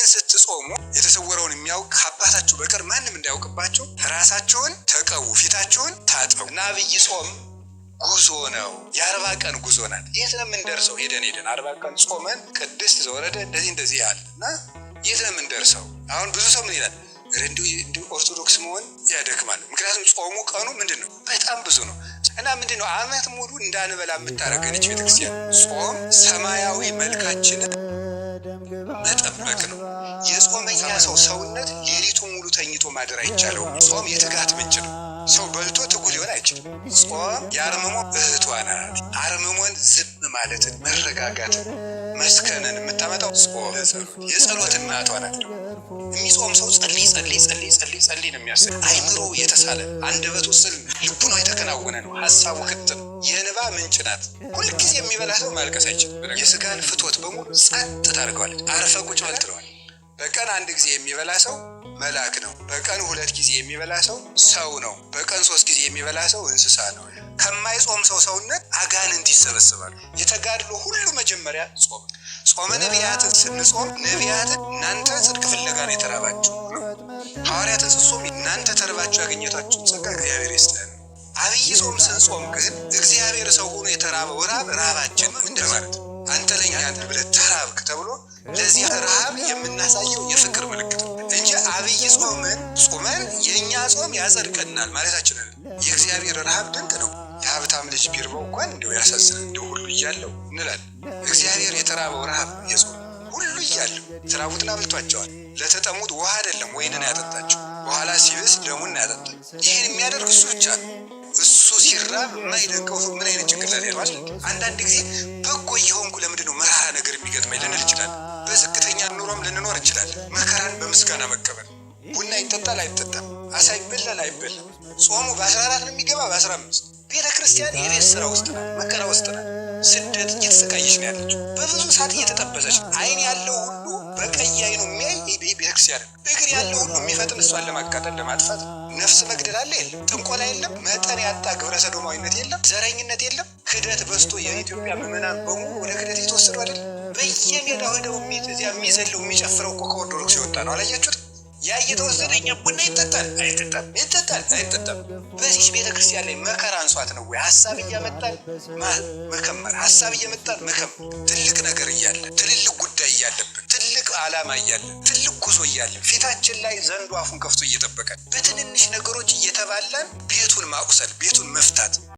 ግን ስትጾሙ የተሰወረውን የሚያውቅ ከአባታችሁ በቀር ማንም እንዳያውቅባችሁ ራሳችሁን ተቀቡ፣ ፊታችሁን ታጠቡ እና አብይ ጾም ጉዞ ነው። የአርባ ቀን ጉዞ ናት። የት ነው የምንደርሰው? ሄደን ሄደን አርባ ቀን ጾመን ቅድስት ዘወረደ እንደዚህ እንደዚህ ያህል እና የት ነው የምንደርሰው? አሁን ብዙ ሰው ምን ይላል? እንዲሁ ኦርቶዶክስ መሆን ያደክማል። ምክንያቱም ጾሙ ቀኑ ምንድን ነው በጣም ብዙ ነው እና ምንድን ነው አመት ሙሉ እንዳንበላ የምታደርገን ቤተክርስቲያን ጾም ሰማያዊ መልካችንን መጠበቅ ነው። የጾመኛ ሰው ሰውነት ሌሊቱ ሙሉ ተኝቶ ማደር አይቻለውም። ጾም የትጋት ምንጭ ነው። ሰው በልቶ ትጉ ሊሆን አይችልም። ጾም የአርምሞ እህቷ ናት። አርምሞን ዝም ማለትን፣ መረጋጋትን፣ መስከንን የምታመጣው ጾም የጸሎት እናቷ ናት። የሚጾም ሰው ጸልይ ጸልይ ጸልይ ጸልይ ጸልይ ነው የሚያስብ አይምሮ የተሳለ አንደበቱ ስል ልቡ ነው የተከናወነ ነው ሀሳቡ ክትም የእንባ ምንጭ ናት። ሁልጊዜ የሚበላ ሰው ማልቀስ አይችልም። የስጋን ፍትወት በሙሉ ጸጥ ታደርገዋለች። አርፈ ቁጭ በል ትለዋል። በቀን አንድ ጊዜ የሚበላ ሰው መልአክ ነው። በቀን ሁለት ጊዜ የሚበላ ሰው ሰው ነው። በቀን ሶስት ጊዜ የሚበላ ሰው እንስሳ ነው። ከማይጾም ሰው ሰውነት አጋንንት ይሰበስባሉ። የተጋድሎ ሁሉ መጀመሪያ ጾም። ጾመ ነቢያትን ስንጾም ነቢያትን እናንተ ጽድቅ ፍለጋ ነው የተራባችሁ ነው። ሐዋርያትን ስንጾም እናንተ ተርባችሁ ያገኘታችሁን ጸጋ እግዚአብሔር ይስጠን። አብይ ጾም ስንጾም ግን እግዚአብሔር ሰው ሆኖ የተራበው ረሃብ ረሃባችንም ማለት አንተ ለኛ አንተ ብለህ ተራብክ ተብሎ ለዚህ ረሃብ የምናሳየው የፍቅር ምልክት እንጂ አብይ ጾምን ጾመን የእኛ ጾም ያጸድቀናል ማለታችን የእግዚአብሔር ረሃብ ድንቅ ነው። የሀብታም ልጅ ቢርበው እንኳን እንዲሁ ያሳዝናል እንደ ሁሉ እያለው እንላል። እግዚአብሔር የተራበው ረሃብ የጾም ሁሉ እያለው የተራቡትን አብልቷቸዋል። ለተጠሙት ውሃ አይደለም ወይንን ያጠጣቸው በኋላ ሲብስ ደሙን ያጠጣ። ይህን የሚያደርግ እሱ ብቻ ነው። እሱ ሲራብ የማይደንቀው ምን አይነት ጭንቅላት ያለው አይደል? አንዳንድ ጊዜ በጎ እየሆንኩ ለምንድን ነው መራራ ነገር የሚገጥመኝ ልንል ይችላል። በዝቅተኛ ኑሮም ልንኖር ይችላል። መከራን በምስጋና መቀበል። ቡና ይጠጣል አይጠጣም፣ አሳ ይበላል አይበላም። ጾሙ በ14 ነው የሚገባ በ15 ቤተ ክርስቲያን የቤት ስራ ውስጥ ነው፣ መከራ ውስጥ ነው። ስደት እየተሰቃየች ነው ያለችው፣ በብዙ ሰዓት እየተጠበሰች አይን ያለው ሁሉ በቀይ አይኑ ታክሲ አይደለም። እግር ያለው ሁሉ የሚፈጥን እሷን ለማቃጠል ለማጥፋት። ነፍስ መግደል አለ የለም፣ ጥንቆላ የለም፣ መጠን ያጣ ግብረ ሰዶማዊነት የለም፣ ዘረኝነት የለም። ክደት በዝቶ የኢትዮጵያ ምዕመናን በሙሉ ወደ ክደት የተወሰዱ አይደለም። በየሜዳው ሄደው እዚያ የሚዘለው የሚጨፍረው እኮ ከኦርቶዶክስ የወጣ ነው። አላያችሁት? ያ እየተወሰደኛ ቡና ይጠጣል አይጠጣም፣ ይጠጣል አይጠጣም። በዚህ ቤተክርስቲያን ላይ መከራ አንሷት ነው ወይ? ሀሳብ እያመጣል መከመር፣ ሀሳብ እየመጣል መከመር፣ ትልቅ ነገር እያለ ትልልቅ ጉዳይ እያለብን ዓላማ እያለን ትልቅ ጉዞ እያለን ፊታችን ላይ ዘንዶ አፉን ከፍቶ እየጠበቀን በትንንሽ ነገሮች እየተባላን ቤቱን ማቁሰል፣ ቤቱን መፍታት